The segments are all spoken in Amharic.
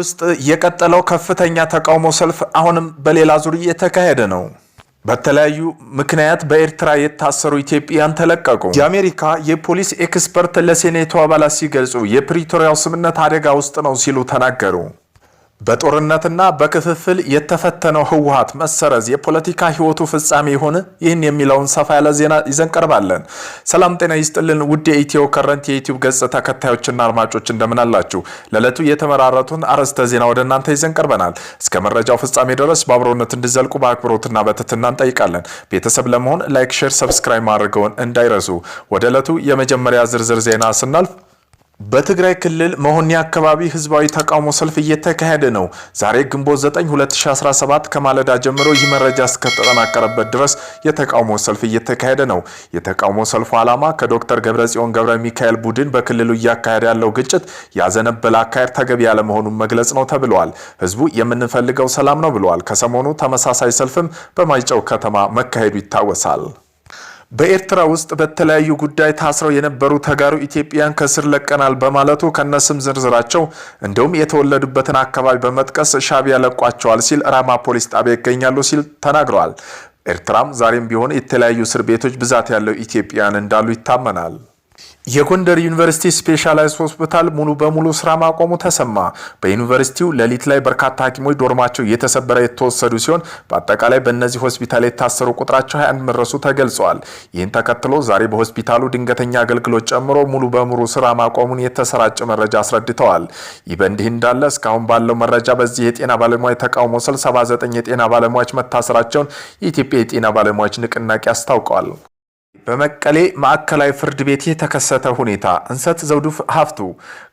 ውስጥ የቀጠለው ከፍተኛ ተቃውሞ ሰልፍ አሁንም በሌላ ዙር እየተካሄደ ነው። በተለያዩ ምክንያት በኤርትራ የታሰሩ ኢትዮጵያን ተለቀቁ። የአሜሪካ የፖሊስ ኤክስፐርት ለሴኔቱ አባላት ሲገልጹ የፕሪቶሪያው ስምምነት አደጋ ውስጥ ነው ሲሉ ተናገሩ። በጦርነትና በክፍፍል የተፈተነው ህወሀት መሰረዝ የፖለቲካ ህይወቱ ፍጻሜ ይሆን? ይህን የሚለውን ሰፋ ያለ ዜና ይዘን ቀርባለን። ሰላም ጤና ይስጥልን ውድ የኢትዮ ከረንት የዩቲዩብ ገጽ ተከታዮችና አድማጮች እንደምን አላችሁ? ለዕለቱ የተመራረቱን አርዕስተ ዜና ወደ እናንተ ይዘን ቀርበናል። እስከ መረጃው ፍጻሜ ድረስ በአብሮነት እንዲዘልቁ በአክብሮትና በትትና እንጠይቃለን። ቤተሰብ ለመሆን ላይክ፣ ሼር፣ ሰብስክራይብ ማድረገውን እንዳይረሱ። ወደ ዕለቱ የመጀመሪያ ዝርዝር ዜና ስናልፍ በትግራይ ክልል መሆኒ አካባቢ ህዝባዊ ተቃውሞ ሰልፍ እየተካሄደ ነው። ዛሬ ግንቦት 9 2017 ከማለዳ ጀምሮ ይህ መረጃ እስከተጠናቀረበት ድረስ የተቃውሞ ሰልፍ እየተካሄደ ነው። የተቃውሞ ሰልፉ ዓላማ ከዶክተር ገብረጽዮን ገብረ ሚካኤል ቡድን በክልሉ እያካሄደ ያለው ግጭት ያዘነበለ አካሄድ ተገቢ ያለመሆኑን መግለጽ ነው ተብለዋል። ህዝቡ የምንፈልገው ሰላም ነው ብለዋል። ከሰሞኑ ተመሳሳይ ሰልፍም በማይጨው ከተማ መካሄዱ ይታወሳል። በኤርትራ ውስጥ በተለያዩ ጉዳይ ታስረው የነበሩ ተጋሩ ኢትዮጵያን ከስር ለቀናል በማለቱ ከነስም ዝርዝራቸው እንዲሁም የተወለዱበትን አካባቢ በመጥቀስ ሻቢ ለቋቸዋል ሲል ራማ ፖሊስ ጣቢያ ይገኛሉ ሲል ተናግረዋል። ኤርትራም ዛሬም ቢሆን የተለያዩ እስር ቤቶች ብዛት ያለው ኢትዮጵያን እንዳሉ ይታመናል። የጎንደር ዩኒቨርሲቲ ስፔሻላይዝድ ሆስፒታል ሙሉ በሙሉ ስራ ማቆሙ ተሰማ። በዩኒቨርሲቲው ሌሊት ላይ በርካታ ሐኪሞች ዶርማቸው እየተሰበረ የተወሰዱ ሲሆን በአጠቃላይ በእነዚህ ሆስፒታል የታሰሩ ቁጥራቸው 21 መድረሱ ተገልጸዋል። ይህን ተከትሎ ዛሬ በሆስፒታሉ ድንገተኛ አገልግሎት ጨምሮ ሙሉ በሙሉ ስራ ማቆሙን የተሰራጨ መረጃ አስረድተዋል። ይህ በእንዲህ እንዳለ እስካሁን ባለው መረጃ በዚህ የጤና ባለሙያ ተቃውሞ ስል 79 የጤና ባለሙያዎች መታሰራቸውን የኢትዮጵያ የጤና ባለሙያዎች ንቅናቄ አስታውቀዋል። በመቀሌ ማዕከላዊ ፍርድ ቤት የተከሰተ ሁኔታ እንሰት ዘውዱ ሀፍቱ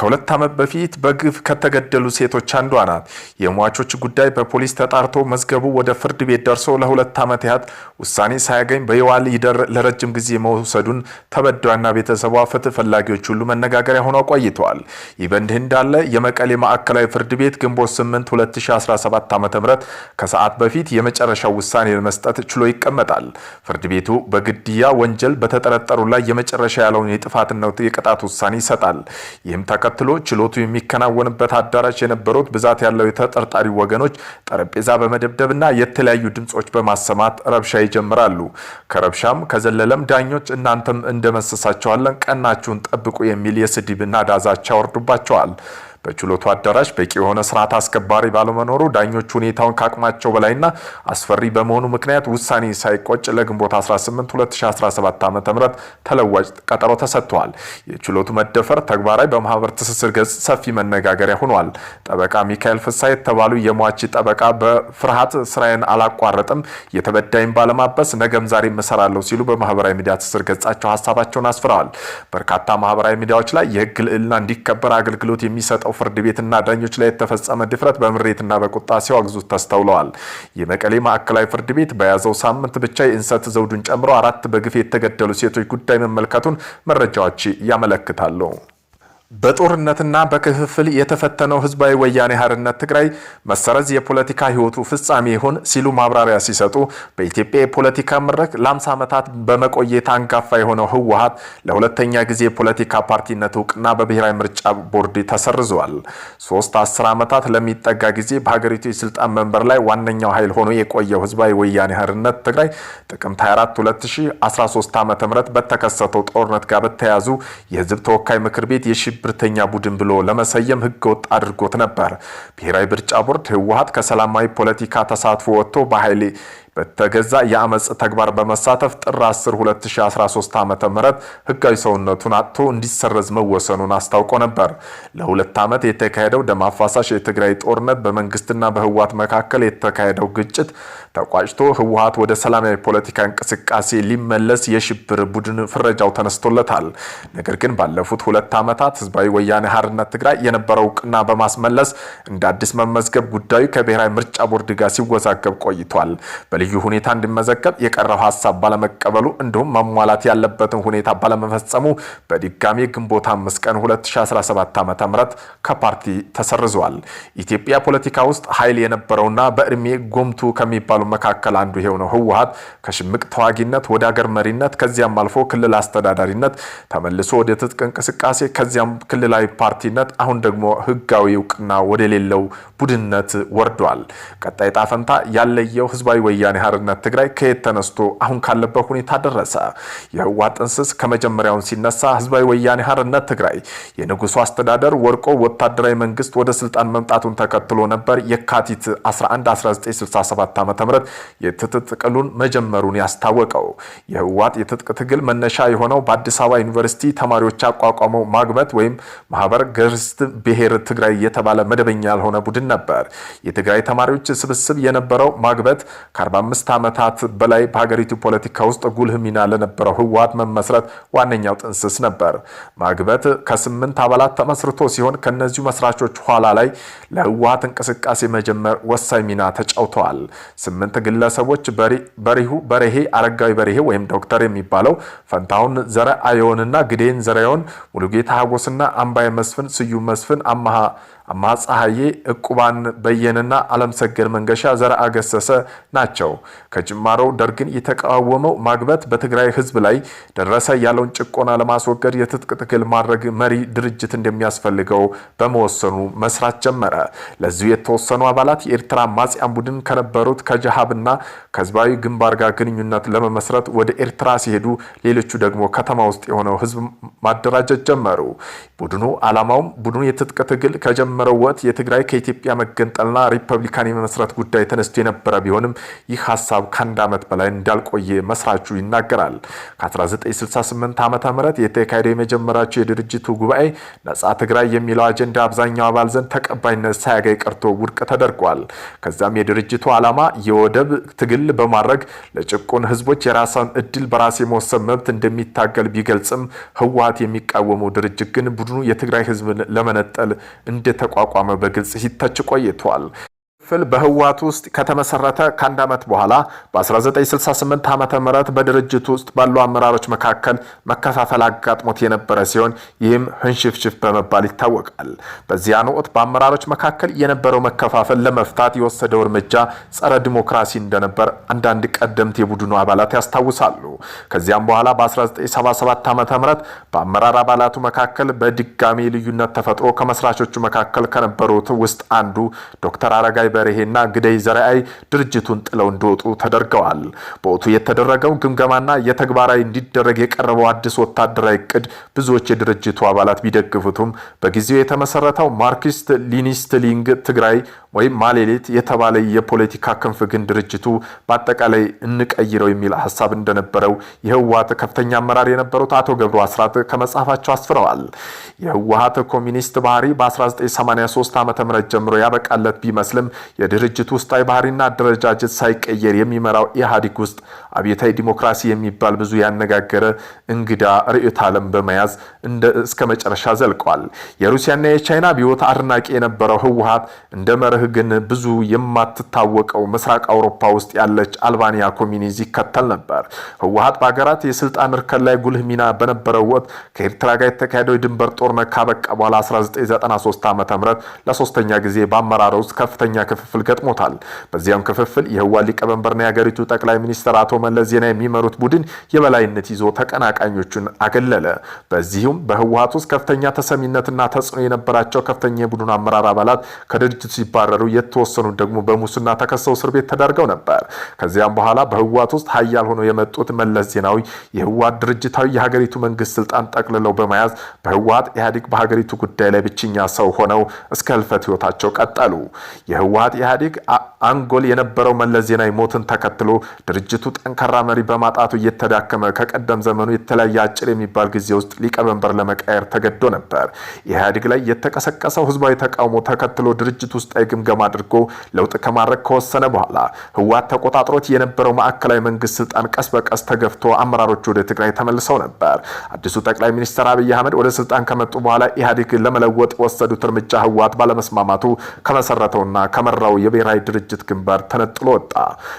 ከሁለት ዓመት በፊት በግፍ ከተገደሉ ሴቶች አንዷ ናት። የሟቾች ጉዳይ በፖሊስ ተጣርቶ መዝገቡ ወደ ፍርድ ቤት ደርሶ ለሁለት ዓመት ያህል ውሳኔ ሳያገኝ በየዋል ይደር ለረጅም ጊዜ መውሰዱን ተበዳይና ቤተሰቧ ፍትህ ፈላጊዎች ሁሉ መነጋገሪያ ሆኖ ቆይተዋል። ይህ በእንዲህ እንዳለ የመቀሌ ማዕከላዊ ፍርድ ቤት ግንቦት 8 2017 ዓ ም ከሰዓት በፊት የመጨረሻው ውሳኔ ለመስጠት ችሎ ይቀመጣል። ፍርድ ቤቱ በግድያ ወንጀል በተጠረጠሩ ላይ የመጨረሻ ያለውን የጥፋትነት የቅጣት ውሳኔ ይሰጣል። ይህም ተከትሎ ችሎቱ የሚከናወንበት አዳራሽ የነበሩት ብዛት ያለው የተጠርጣሪ ወገኖች ጠረጴዛ በመደብደብና የተለያዩ ድምጾች በማሰማት ረብሻ ይጀምራሉ። ከረብሻም ከዘለለም ዳኞች እናንተም እንደመሰሳቸዋለን ቀናችሁን ጠብቁ የሚል የስድብና ዳዛቻ ወርዱባቸዋል። በችሎቱ አዳራሽ በቂ የሆነ ስርዓት አስከባሪ ባለመኖሩ ዳኞች ሁኔታውን ከአቅማቸው በላይና አስፈሪ በመሆኑ ምክንያት ውሳኔ ሳይቆጭ ለግንቦት 18 2017 ዓ ም ተለዋጭ ቀጠሮ ተሰጥተዋል። የችሎቱ መደፈር ተግባራዊ በማህበር ትስስር ገጽ ሰፊ መነጋገሪያ ሆኗል። ጠበቃ ሚካኤል ፍሳይ የተባሉ የሟች ጠበቃ በፍርሃት ስራዬን አላቋረጥም የተበዳይን ባለማበስ ነገም ዛሬ እሰራለሁ ሲሉ በማህበራዊ ሚዲያ ትስስር ገጻቸው ሀሳባቸውን አስፍረዋል። በርካታ ማህበራዊ ሚዲያዎች ላይ የህግ ልዕልና እንዲከበር አገልግሎት የሚሰጠው በሚመርጠው ፍርድ ቤትና ዳኞች ላይ የተፈጸመ ድፍረት በምሬትና በቁጣ ሲያወግዙት ተስተውለዋል። የመቀሌ ማዕከላዊ ፍርድ ቤት በያዘው ሳምንት ብቻ የእንሰት ዘውዱን ጨምሮ አራት በግፍ የተገደሉ ሴቶች ጉዳይ መመልከቱን መረጃዎች ያመለክታሉ። በጦርነትና በክፍፍል የተፈተነው ህዝባዊ ወያኔ ሀርነት ትግራይ መሰረዝ የፖለቲካ ህይወቱ ፍጻሜ ይሆን ሲሉ ማብራሪያ ሲሰጡ በኢትዮጵያ የፖለቲካ መድረክ ለአምሳ ዓመታት በመቆየት አንጋፋ የሆነው ህወሀት ለሁለተኛ ጊዜ የፖለቲካ ፓርቲነት እውቅና በብሔራዊ ምርጫ ቦርድ ተሰርዘዋል። ሶስት አስር ዓመታት ለሚጠጋ ጊዜ በሀገሪቱ የስልጣን መንበር ላይ ዋነኛው ኃይል ሆኖ የቆየው ህዝባዊ ወያኔ ሀርነት ትግራይ ጥቅምት 24 2013 ዓ ም በተከሰተው ጦርነት ጋር በተያያዙ የህዝብ ተወካይ ምክር ቤት ሽብርተኛ ቡድን ብሎ ለመሰየም ህገወጥ አድርጎት ነበር። ብሔራዊ ምርጫ ቦርድ ህወሀት ከሰላማዊ ፖለቲካ ተሳትፎ ወጥቶ በኃይል በተገዛ የአመፅ ተግባር በመሳተፍ ጥር 10 2013 ዓ ም ህጋዊ ሰውነቱን አጥቶ እንዲሰረዝ መወሰኑን አስታውቆ ነበር። ለሁለት ዓመት የተካሄደው ደም አፋሳሽ የትግራይ ጦርነት በመንግስትና በህወሀት መካከል የተካሄደው ግጭት ተቋጭቶ ህወሀት ወደ ሰላማዊ ፖለቲካ እንቅስቃሴ ሊመለስ የሽብር ቡድን ፍረጃው ተነስቶለታል። ነገር ግን ባለፉት ሁለት ዓመታት ህዝባዊ ወያኔ ሀርነት ትግራይ የነበረው እውቅና በማስመለስ እንደ አዲስ መመዝገብ ጉዳዩ ከብሔራዊ ምርጫ ቦርድ ጋር ሲወዛገብ ቆይቷል። ልዩ ሁኔታ እንዲመዘገብ የቀረው ሀሳብ ባለመቀበሉ እንዲሁም መሟላት ያለበትን ሁኔታ ባለመፈጸሙ በድጋሚ ግንቦት አምስት ቀን 2017 ዓ ም ከፓርቲ ተሰርዘዋል። ኢትዮጵያ ፖለቲካ ውስጥ ኃይል የነበረውና በእድሜ ጎምቱ ከሚባሉ መካከል አንዱ የሆነው ህወሀት ከሽምቅ ተዋጊነት ወደ አገር መሪነት ከዚያም አልፎ ክልል አስተዳዳሪነት ተመልሶ ወደ ትጥቅ እንቅስቃሴ ከዚያም ክልላዊ ፓርቲነት አሁን ደግሞ ህጋዊ እውቅና ወደሌለው ቡድንነት ወርዷል። ቀጣይ ጣፈንታ ያለየው ህዝባዊ ወያኔ የወያኔ ሓርነት ትግራይ ከየት ተነስቶ አሁን ካለበት ሁኔታ ደረሰ? የህወሓት ጥንስስ ከመጀመሪያውን ሲነሳ ህዝባዊ ወያኔ ሓርነት ትግራይ የንጉሱ አስተዳደር ወርቆ ወታደራዊ መንግስት ወደ ስልጣን መምጣቱን ተከትሎ ነበር የካቲት 11 1967 ዓ ም የትጥቅ መጀመሩን ያስታወቀው። የህወሓት የትጥቅ ትግል መነሻ የሆነው በአዲስ አበባ ዩኒቨርሲቲ ተማሪዎች ያቋቋመው ማግመት ወይም ማህበር ገርስት ብሔር ትግራይ የተባለ መደበኛ ያልሆነ ቡድን ነበር። የትግራይ ተማሪዎች ስብስብ የነበረው ማግበት ከ45 ከአምስት ዓመታት በላይ በሀገሪቱ ፖለቲካ ውስጥ ጉልህ ሚና ለነበረው ህወሓት መመስረት ዋነኛው ጥንስስ ነበር። ማግበት ከስምንት አባላት ተመስርቶ ሲሆን ከእነዚሁ መስራቾች ኋላ ላይ ለህወሓት እንቅስቃሴ መጀመር ወሳኝ ሚና ተጫውተዋል። ስምንት ግለሰቦች በሪሁ በርሄ፣ አረጋዊ በርሄ ወይም ዶክተር የሚባለው ፈንታሁን ዘረ አየሆንና ግዴን ዘረዮን፣ ሙሉጌታ ሀጎስና አምባይ መስፍን፣ ስዩም መስፍን፣ አማሃ አማፀሐዬ፣ እቁባን በየንና አለምሰገድ መንገሻ ዘረ አገሰሰ ናቸው። ናቸው። ከጅማሮው ደርግን የተቃወመው ማግበት በትግራይ ህዝብ ላይ ደረሰ ያለውን ጭቆና ለማስወገድ የትጥቅ ትግል ማድረግ መሪ ድርጅት እንደሚያስፈልገው በመወሰኑ መስራት ጀመረ። ለዚሁ የተወሰኑ አባላት የኤርትራ አማጽያን ቡድን ከነበሩት ከጀሃብና ከህዝባዊ ግንባር ጋር ግንኙነት ለመመስረት ወደ ኤርትራ ሲሄዱ፣ ሌሎቹ ደግሞ ከተማ ውስጥ የሆነው ህዝብ ማደራጀት ጀመሩ። ቡድኑ አላማውም ቡድኑ የትጥቅ ትግል ከጀመረው ወቅት የትግራይ ከኢትዮጵያ መገንጠልና ሪፐብሊካን የመመስረት ጉዳይ ተነስቶ የነበረ ቢሆንም ይህ ይህ ሀሳብ ከአንድ ዓመት በላይ እንዳልቆየ መስራቹ ይናገራል። ከ1968 ዓ ም የተካሄደው የመጀመሪያቸው የድርጅቱ ጉባኤ ነጻ ትግራይ የሚለው አጀንዳ አብዛኛው አባል ዘንድ ተቀባይነት ሳያገኝ ቀርቶ ውድቅ ተደርጓል። ከዚያም የድርጅቱ ዓላማ የወደብ ትግል በማድረግ ለጭቁን ህዝቦች የራሳን እድል በራስ የመወሰን መብት እንደሚታገል ቢገልጽም ህወሀት የሚቃወመው ድርጅት ግን ቡድኑ የትግራይ ህዝብን ለመነጠል እንደተቋቋመ በግልጽ ሲተች ቆይቷል። ክፍል በህወሓት ውስጥ ከተመሰረተ ከአንድ ዓመት በኋላ በ1968 ዓ ም በድርጅት ውስጥ ባሉ አመራሮች መካከል መከፋፈል አጋጥሞት የነበረ ሲሆን ይህም ህንሽፍሽፍ በመባል ይታወቃል። በዚያን ወቅት በአመራሮች መካከል የነበረው መከፋፈል ለመፍታት የወሰደው እርምጃ ጸረ ዲሞክራሲ እንደነበር አንዳንድ ቀደምት የቡድኑ አባላት ያስታውሳሉ። ከዚያም በኋላ በ1977 ዓ ም በአመራር አባላቱ መካከል በድጋሚ ልዩነት ተፈጥሮ ከመስራቾቹ መካከል ከነበሩት ውስጥ አንዱ ዶክተር አረጋይ በርሄና ግደይ ዘርአይ ድርጅቱን ጥለው እንዲወጡ ተደርገዋል። በወቅቱ የተደረገው ግምገማና የተግባራዊ እንዲደረግ የቀረበው አዲስ ወታደራዊ እቅድ ብዙዎች የድርጅቱ አባላት ቢደግፉትም በጊዜው የተመሰረተው ማርክሲስት ሊኒስትሊንግ ትግራይ ወይም ማሌሌት የተባለ የፖለቲካ ክንፍ ግን ድርጅቱ በአጠቃላይ እንቀይረው የሚል ሀሳብ እንደነበረው የህወሀት ከፍተኛ አመራር የነበሩት አቶ ገብሩ አስራት ከመጽሐፋቸው አስፍረዋል። የህወሀት ኮሚኒስት ባህሪ በ1983 ዓ ም ጀምሮ ያበቃለት ቢመስልም የድርጅቱ ውስጣዊ ባህሪና አደረጃጀት ሳይቀየር የሚመራው ኢህአዴግ ውስጥ አብዮታዊ ዲሞክራሲ የሚባል ብዙ ያነጋገረ እንግዳ ርዕዮተ ዓለም በመያዝ እስከ መጨረሻ ዘልቋል። የሩሲያና የቻይና ቢወት አድናቂ የነበረው ህወሀት እንደ መርህ ግን ብዙ የማትታወቀው ምስራቅ አውሮፓ ውስጥ ያለች አልባኒያ ኮሚኒዝ ይከተል ነበር። ህወሀት በሀገራት የስልጣን እርከን ላይ ጉልህ ሚና በነበረው ወቅት ከኤርትራ ጋር የተካሄደው የድንበር ጦርነት ካበቃ በኋላ 1993 ዓ ም ለሶስተኛ ጊዜ በአመራር ውስጥ ከፍተኛ ክፍፍል ገጥሞታል። በዚያም ክፍፍል የህዋ ሊቀመንበርና የሀገሪቱ ጠቅላይ ሚኒስትር አቶ መለስ ዜና የሚመሩት ቡድን የበላይነት ይዞ ተቀናቃኞቹን አገለለ። በዚሁም በህወሀት ውስጥ ከፍተኛ ተሰሚነትና ተጽዕኖ የነበራቸው ከፍተኛ የቡድኑ አመራር አባላት ከድርጅቱ ሲባረሩ፣ የተወሰኑ ደግሞ በሙስና ተከሰው እስር ቤት ተዳርገው ነበር። ከዚያም በኋላ በህወሀት ውስጥ ሀያል ሆነው የመጡት መለስ ዜናዊ የህወሀት ድርጅታዊ የሀገሪቱ መንግስት ስልጣን ጠቅልለው በመያዝ በህወሀት ኢህአዴግ በሀገሪቱ ጉዳይ ላይ ብቸኛ ሰው ሆነው እስከ ህልፈት ህይወታቸው ቀጠሉ። የህወሀት ስርዓት ኢህአዴግ አንጎል የነበረው መለስ ዜናዊ ሞትን ተከትሎ ድርጅቱ ጠንካራ መሪ በማጣቱ እየተዳከመ ከቀደም ዘመኑ የተለያየ አጭር የሚባል ጊዜ ውስጥ ሊቀመንበር ለመቀየር ተገዶ ነበር። ኢህአዴግ ላይ የተቀሰቀሰው ህዝባዊ ተቃውሞ ተከትሎ ድርጅት ውስጣዊ ግምገማ አድርጎ ለውጥ ከማድረግ ከወሰነ በኋላ ህወሓት ተቆጣጥሮት የነበረው ማዕከላዊ መንግስት ስልጣን ቀስ በቀስ ተገፍቶ አመራሮቹ ወደ ትግራይ ተመልሰው ነበር። አዲሱ ጠቅላይ ሚኒስትር አብይ አህመድ ወደ ስልጣን ከመጡ በኋላ ኢህአዴግ ለመለወጥ የወሰዱት እርምጃ ህወሓት ባለመስማማቱ ከመሰረተውና ከመ ከጠራው የብሔራዊ ድርጅት ግንባር ተነጥሎ ወጣ።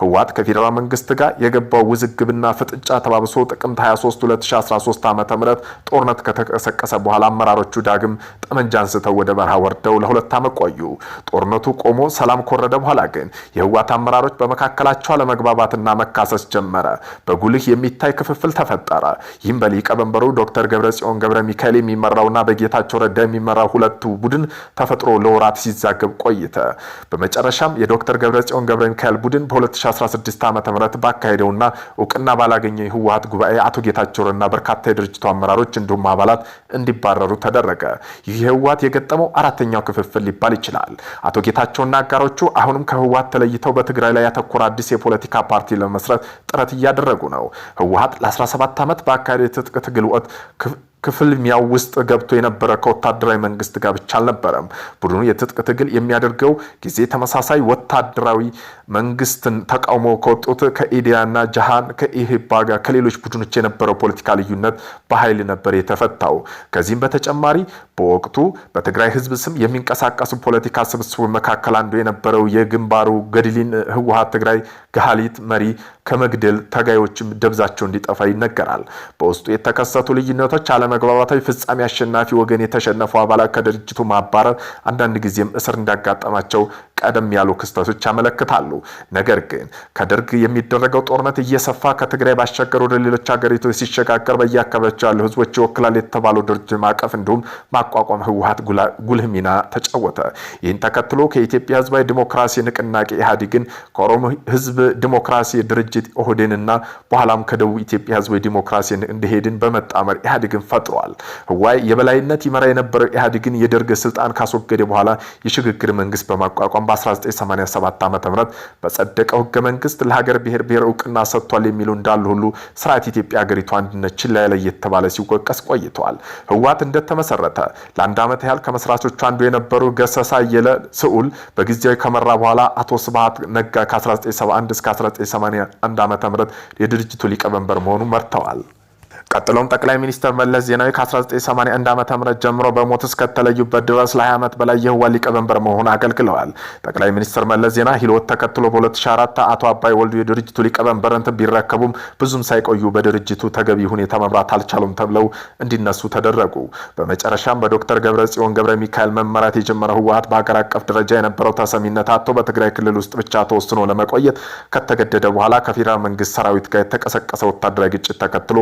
ህወሓት ከፌዴራል መንግስት ጋር የገባው ውዝግብና ፍጥጫ ተባብሶ ጥቅምት 23 2013 ዓ ም ጦርነት ከተቀሰቀሰ በኋላ አመራሮቹ ዳግም ጠመንጃ አንስተው ወደ በረሃ ወርደው ለሁለት ዓመት ቆዩ። ጦርነቱ ቆሞ ሰላም ከወረደ በኋላ ግን የህወሓት አመራሮች በመካከላቸው አለመግባባትና መካሰስ ጀመረ። በጉልህ የሚታይ ክፍፍል ተፈጠረ። ይህም በሊቀመንበሩ ዶክተር ገብረጽዮን ገብረ ሚካኤል የሚመራውና በጌታቸው ረዳ የሚመራው ሁለቱ ቡድን ተፈጥሮ ለወራት ሲዛገብ ቆይተ በመጨረሻም የዶክተር ገብረጽዮን ገብረ ሚካኤል ቡድን በ2016 ዓ ም ባካሄደውና እውቅና ባላገኘ የህወሀት ጉባኤ አቶ ጌታቸውንና በርካታ የድርጅቱ አመራሮች እንዲሁም አባላት እንዲባረሩ ተደረገ። ይህ የህወሀት የገጠመው አራተኛው ክፍፍል ሊባል ይችላል። አቶ ጌታቸውና አጋሮቹ አሁንም ከህወሀት ተለይተው በትግራይ ላይ ያተኮረ አዲስ የፖለቲካ ፓርቲ ለመስረት ጥረት እያደረጉ ነው። ህወሀት ለ17 ዓመት በአካሄደ የትጥቅ ትግል ወቅት ክፍል ሚያው ውስጥ ገብቶ የነበረ ከወታደራዊ መንግስት ጋር ብቻ አልነበረም። ቡድኑ የትጥቅ ትግል የሚያደርገው ጊዜ ተመሳሳይ ወታደራዊ መንግስትን ተቃውሞ ከወጡት ከኢዲያና ጃሃን ከኢህባ ጋር ከሌሎች ቡድኖች የነበረው ፖለቲካ ልዩነት በኃይል ነበር የተፈታው። ከዚህም በተጨማሪ በወቅቱ በትግራይ ህዝብ ስም የሚንቀሳቀሱ ፖለቲካ ስብስቡ መካከል አንዱ የነበረው የግንባሩ ገድሊን ህወሀት ትግራይ ገሃሊት መሪ ከመግደል ታጋዮችም ደብዛቸው እንዲጠፋ ይነገራል። በውስጡ የተከሰቱ ልዩነቶች፣ አለመግባባታዊ ፍጻሜ፣ አሸናፊ ወገን የተሸነፉ አባላት ከድርጅቱ ማባረር፣ አንዳንድ ጊዜም እስር እንዳጋጠማቸው ቀደም ያሉ ክስተቶች ያመለክታሉ። ነገር ግን ከደርግ የሚደረገው ጦርነት እየሰፋ ከትግራይ ባሻገር ወደ ሌሎች ሀገሪቱ ሲሸጋገር በየአካባቢያቸው ያሉ ህዝቦች ይወክላል የተባለው ድርጅት ማቀፍ እንዲሁም ማቋቋም ህወሀት ጉልህ ሚና ተጫወተ። ይህን ተከትሎ ከኢትዮጵያ ህዝባዊ ዲሞክራሲ ንቅናቄ ኢህአዴግን ከኦሮሞ ህዝብ ዲሞክራሲ ድርጅት በግጭት ኦህዴንና በኋላም ከደቡብ ኢትዮጵያ ህዝባዊ ዲሞክራሲ እንደሄድን በመጣመር ኢህአዴግን ፈጥሯል። ህዋይ የበላይነት ይመራ የነበረው ኢህአዴግን የደርግ ስልጣን ካስወገደ በኋላ የሽግግር መንግስት በማቋቋም በ1987 ዓ ም በጸደቀው ህገ መንግስት ለሀገር ብሔር ብሔር እውቅና ሰጥቷል የሚሉ እንዳሉ ሁሉ ስርዓት ኢትዮጵያ ሀገሪቱ አንድነት ችላ ላይ እየተባለ ሲወቀስ ቆይተዋል። ህዋት እንደተመሰረተ ለአንድ ዓመት ያህል ከመስራቾቹ አንዱ የነበሩ ገሰሳ የለ ስዑል በጊዜያዊ ከመራ በኋላ አቶ ስብሀት ነጋ ከ1971 እስከ 1980 አንድ ዓመተ ምህረት የድርጅቱ ሊቀመንበር መሆኑ መርተዋል። ቀጥሎም ጠቅላይ ሚኒስትር መለስ ዜናዊ ከ1981 ዓ ም ጀምሮ በሞት እስከተለዩበት ድረስ ለ20 ዓመት በላይ የህዋ ሊቀመንበር መሆን አገልግለዋል። ጠቅላይ ሚኒስትር መለስ ዜና ህልወት ተከትሎ በ2004 አቶ አባይ ወልዱ የድርጅቱ ሊቀመንበርን ቢረከቡም ብዙም ሳይቆዩ በድርጅቱ ተገቢ ሁኔታ መምራት አልቻሉም ተብለው እንዲነሱ ተደረጉ። በመጨረሻም በዶክተር ገብረ ጽዮን ገብረ ሚካኤል መመራት የጀመረው ህወሀት በሀገር አቀፍ ደረጃ የነበረው ተሰሚነት አቶ በትግራይ ክልል ውስጥ ብቻ ተወስኖ ለመቆየት ከተገደደ በኋላ ከፌዴራል መንግስት ሰራዊት ጋር የተቀሰቀሰ ወታደራዊ ግጭት ተከትሎ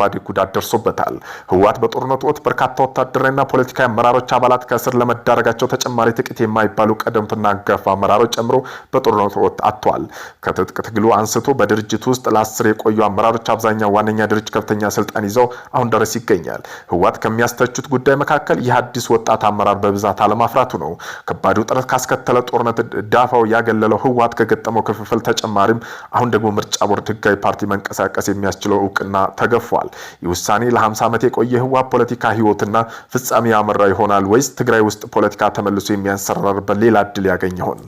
ከባድ ጉዳት ደርሶበታል። ህወሓት በጦርነቱ ወቅት በርካታ ወታደራዊና ፖለቲካዊ አመራሮች አባላት ከእስር ለመዳረጋቸው ተጨማሪ ጥቂት የማይባሉ ቀደምትና ገፋ አመራሮች ጨምሮ በጦርነቱ ወቅት አጥቷል። ከትጥቅ ትግሉ አንስቶ በድርጅት ውስጥ ለአስር የቆዩ አመራሮች አብዛኛው ዋነኛ ድርጅት ከፍተኛ ስልጣን ይዘው አሁን ድረስ ይገኛል። ህወሓት ከሚያስተቹት ጉዳይ መካከል ይህ አዲስ ወጣት አመራር በብዛት አለማፍራቱ ነው። ከባድ ውጥረት ካስከተለ ጦርነት ዳፋው ያገለለው ህወሓት ከገጠመው ክፍፍል ተጨማሪም አሁን ደግሞ ምርጫ ቦርድ ህጋዊ ፓርቲ መንቀሳቀስ የሚያስችለው እውቅና ተገፏል። ይህ ውሳኔ ለ50 ዓመት የቆየ ህዋ ፖለቲካ ህይወትና ፍጻሜ ያመራ ይሆናል ወይስ ትግራይ ውስጥ ፖለቲካ ተመልሶ የሚያንሰራርበት ሌላ እድል ያገኝ ይሆን?